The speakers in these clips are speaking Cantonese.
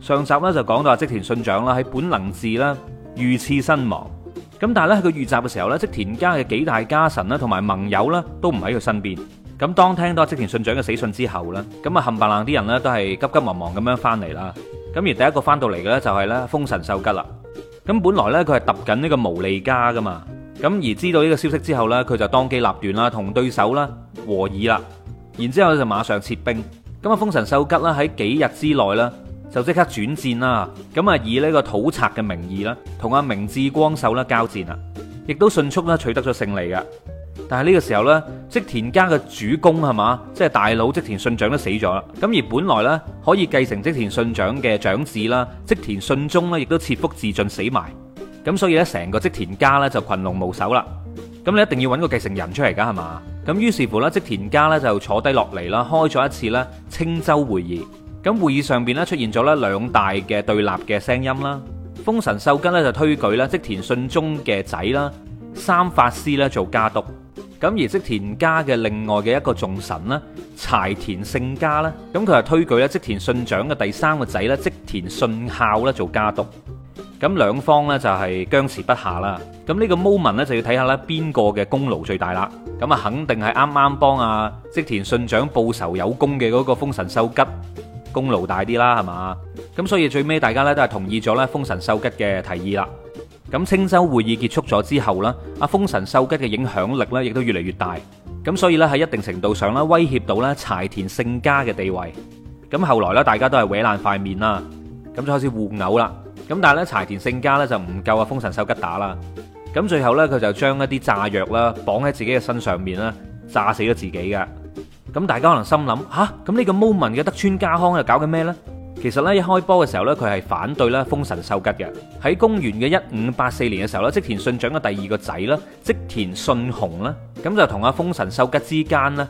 上集咧就講到阿織田信長啦，喺本能寺啦遇刺身亡。咁但係咧佢遇襲嘅時候咧，織田家嘅幾大家臣啦，同埋盟友啦都唔喺佢身邊。咁當聽到織田信長嘅死訊之後咧，咁啊冚白冷啲人咧都係急急忙忙咁樣翻嚟啦。咁而第一個翻到嚟嘅咧就係咧豐臣秀吉啦。咁本來咧佢係揼緊呢個毛利家噶嘛，咁而知道呢個消息之後咧，佢就當機立斷啦，同對手啦和議啦，然之後咧就馬上撤兵。咁啊豐臣秀吉啦喺幾日之內啦。就即刻轉戰啦，咁啊以呢個土賊嘅名義啦，同阿明智光秀啦交戰啦，亦都迅速啦取得咗勝利嘅。但係呢個時候呢，織田家嘅主公係嘛，即係大佬織田信長都死咗啦。咁而本來呢，可以繼承織田信長嘅長子啦，織田信忠呢亦都切腹自盡死埋。咁所以呢，成個織田家呢就群龍無首啦。咁你一定要揾個繼承人出嚟㗎係嘛？咁於是乎呢，織田家呢就坐低落嚟啦，開咗一次咧清洲會議咁會議上面出現咗咧兩大嘅對立嘅聲音啦。豐臣秀吉咧就推舉咧積田信忠嘅仔啦，三法師咧做家督。咁而積田家嘅另外嘅一個重臣咧，柴田勝家咧，咁佢係推舉咧積田信長嘅第三個仔咧積田信孝咧做家督。咁兩方呢就係僵持不下啦。咁呢個功勞大啲啦，係嘛？咁所以最尾大家咧都係同意咗咧，豐臣秀吉嘅提議啦。咁清州會議結束咗之後啦，阿豐臣秀吉嘅影響力咧亦都越嚟越大。咁所以咧喺一定程度上咧威脅到咧柴田勝家嘅地位。咁後來咧大家都係搲爛塊面啦，咁就開始互毆啦。咁但係咧柴田勝家咧就唔夠阿豐臣秀吉打啦。咁最後咧佢就將一啲炸藥啦綁喺自己嘅身上面啦，炸死咗自己嘅。咁大家可能心諗吓，咁呢個 moment 嘅德川家康又搞緊咩咧？其實咧一開波嘅時候咧，佢係反對啦豐臣秀吉嘅。喺公元嘅一五八四年嘅時候咧，織田信長嘅第二個仔啦，織田信雄啦，咁就同阿豐臣秀吉之間咧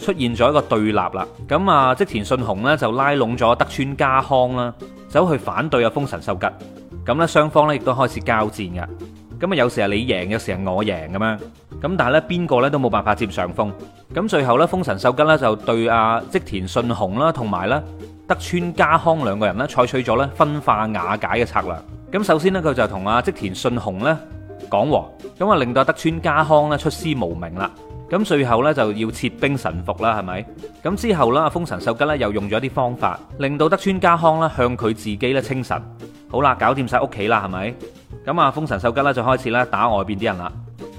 出現咗一個對立啦。咁啊，織田信雄咧就拉攏咗德川家康啦，走去反對阿豐臣秀吉。咁咧雙方咧亦都開始交戰嘅。咁啊有時係你贏，有時係我贏噶嘛。咁但係咧，邊個咧都冇辦法佔上風。咁最後咧，豐臣秀吉咧就對阿織田信雄啦，同埋咧德川家康兩個人咧採取咗咧分化瓦解嘅策略。咁首先咧，佢就同阿織田信雄咧講和，咁啊令到阿德川家康咧出師無名啦。咁最後咧就要撤兵臣服啦，係咪？咁之後啦，阿豐臣秀吉咧又用咗一啲方法，令到德川家康啦向佢自己咧稱臣。好啦，搞掂晒屋企啦，係咪？咁啊，豐臣秀吉咧就開始咧打外邊啲人啦。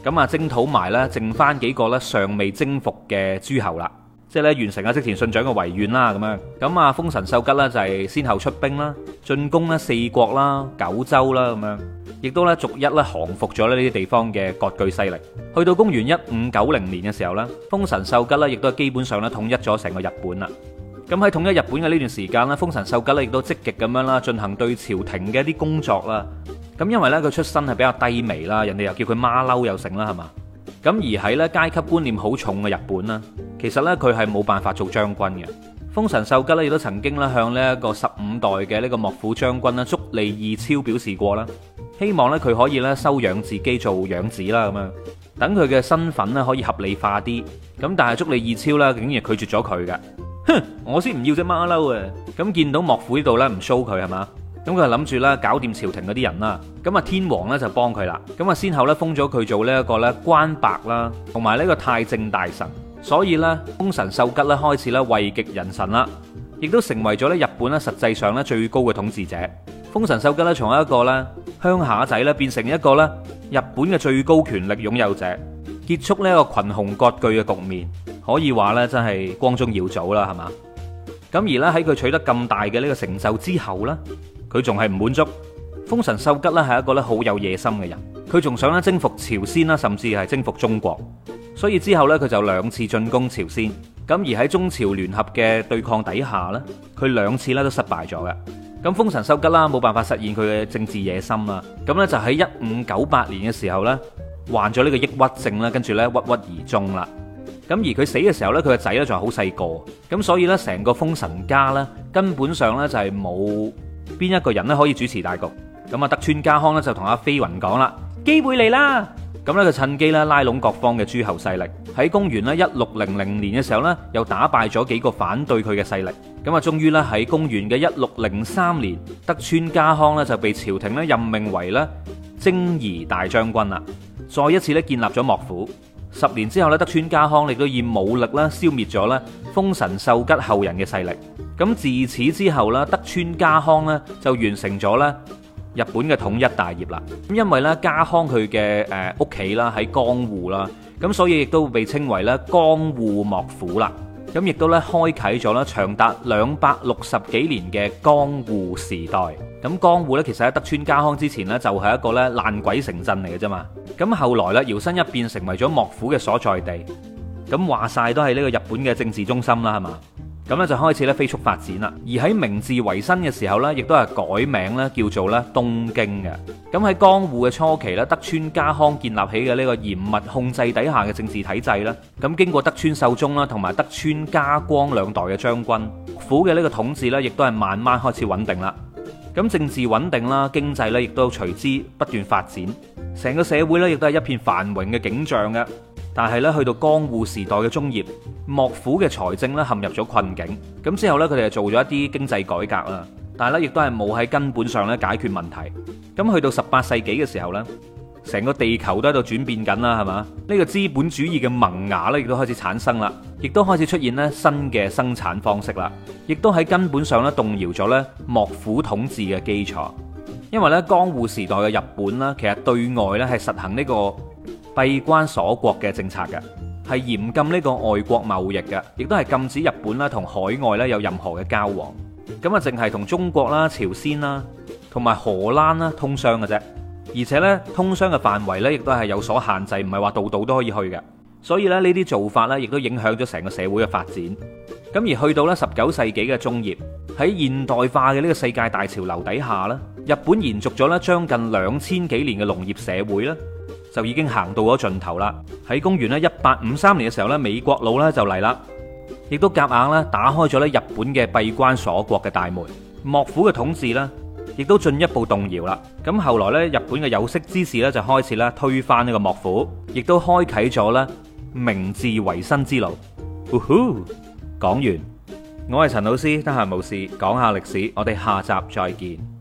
咁啊，征討埋咧，剩返幾個咧，尚未征服嘅諸侯啦，即係咧，完成阿織田信長嘅遺願啦，咁樣。咁啊，豐臣秀吉呢，就係先後出兵啦，進攻呢四國啦、九州啦，咁樣，亦都咧逐一咧降服咗呢啲地方嘅割據勢力。去到公元一五九零年嘅時候啦，豐臣秀吉咧，亦都係基本上咧統一咗成個日本啦。咁喺統一日本嘅呢段時間咧，豐臣秀吉咧亦都積極咁樣啦，進行對朝廷嘅一啲工作啦。咁因為呢，佢出身係比較低微啦，人哋又叫佢馬騮又成啦，係嘛？咁而喺咧階級觀念好重嘅日本啦，其實呢，佢係冇辦法做將軍嘅。豐臣秀吉咧亦都曾經咧向呢一個十五代嘅呢個幕府將軍咧足利義昭表示過啦，希望呢，佢可以咧收養自己做養子啦，咁樣等佢嘅身份咧可以合理化啲。咁但係足利義昭咧竟然拒絕咗佢嘅。哼，我先唔要隻馬騮啊。咁見到幕府呢度咧唔 show 佢，係嘛？咁佢就諗住啦，搞掂朝廷嗰啲人啦，咁啊天皇咧就幫佢啦，咁啊先後咧封咗佢做呢一個咧關白啦，同埋呢個太政大臣，所以咧豐臣秀吉咧開始咧位極人臣啦，亦都成為咗咧日本咧實際上咧最高嘅統治者。豐臣秀吉咧從一個咧鄉下仔咧變成一個咧日本嘅最高權力擁有者，結束呢一個群雄割據嘅局面。可以話咧，真係光宗耀祖啦，係嘛？咁而咧喺佢取得咁大嘅呢個成就之後咧，佢仲係唔滿足。豐臣秀吉咧係一個咧好有野心嘅人，佢仲想咧征服朝鮮啦，甚至係征服中國。所以之後咧，佢就兩次進攻朝鮮。咁而喺中朝聯合嘅對抗底下咧，佢兩次咧都失敗咗嘅。咁豐臣秀吉啦，冇辦法實現佢嘅政治野心啊。咁咧就喺一五九八年嘅時候咧，患咗呢個抑鬱症啦，跟住咧鬱鬱而終啦。咁而佢死嘅時候咧，佢個仔咧仲係好細個，咁所以咧成個豐臣家咧根本上咧就係冇邊一個人咧可以主持大局。咁啊德川家康咧就同阿飛雲講啦，機會嚟啦！咁咧就趁機咧拉攏各方嘅諸侯勢力，喺公元咧一六零零年嘅時候咧又打敗咗幾個反對佢嘅勢力。咁啊終於咧喺公元嘅一六零三年，德川家康咧就被朝廷咧任命為咧征夷大將軍啦，再一次咧建立咗幕府。十年之後咧，德川家康亦都以武力啦，消滅咗咧豐臣秀吉後人嘅勢力。咁自此之後咧，德川家康咧就完成咗咧日本嘅統一大業啦。咁因為咧家康佢嘅誒屋企啦喺江戶啦，咁所以亦都被稱為咧江戶幕府啦。咁亦都咧開啟咗咧長達兩百六十幾年嘅江戶時代。咁江戶咧其實喺德川家康之前咧就係一個咧爛鬼城鎮嚟嘅啫嘛。咁後來咧，搖身一變成為咗幕府嘅所在地。咁話晒都係呢個日本嘅政治中心啦，係嘛？咁咧就開始咧飛速發展啦。而喺明治維新嘅時候咧，亦都係改名咧叫做咧東京嘅。咁喺江戶嘅初期咧，德川家康建立起嘅呢個嚴密控制底下嘅政治體制咧，咁經過德川秀忠啦同埋德川家光兩代嘅將軍，府嘅呢個統治咧亦都係慢慢開始穩定啦。咁政治穩定啦，經濟咧亦都隨之不斷發展。成個社會咧，亦都係一片繁榮嘅景象嘅。但係咧，去到江戶時代嘅中葉，幕府嘅財政咧陷入咗困境。咁之後呢，佢哋又做咗一啲經濟改革啦。但係咧，亦都係冇喺根本上咧解決問題。咁去到十八世紀嘅時候呢，成個地球都喺度轉變緊啦，係嘛？呢個資本主義嘅萌芽咧，亦都開始產生啦，亦都開始出現呢新嘅生產方式啦，亦都喺根本上咧動搖咗咧幕府統治嘅基礎。因為咧，江戶時代嘅日本啦，其實對外咧係實行呢個閉關鎖國嘅政策嘅，係嚴禁呢個外國貿易嘅，亦都係禁止日本啦同海外咧有任何嘅交往，咁啊淨係同中國啦、朝鮮啦、同埋荷蘭啦通商嘅啫，而且咧通商嘅範圍咧亦都係有所限制，唔係話度度都可以去嘅。所以咧呢啲做法咧亦都影響咗成個社會嘅發展。咁而去到咧十九世紀嘅中葉，喺現代化嘅呢個世界大潮流底下啦。日本延續咗咧將近兩千幾年嘅農業社會咧，就已經行到咗盡頭啦。喺公元咧一八五三年嘅時候咧，美國佬咧就嚟啦，亦都夾硬咧打開咗咧日本嘅閉關鎖國嘅大門，幕府嘅統治咧，亦都進一步動搖啦。咁後來咧，日本嘅有識之士咧就開始咧推翻呢個幕府，亦都開啟咗咧明治維新之路。呼、uh、呼，huh, 講完，我係陳老師，得閒冇事講下歷史，我哋下集再見。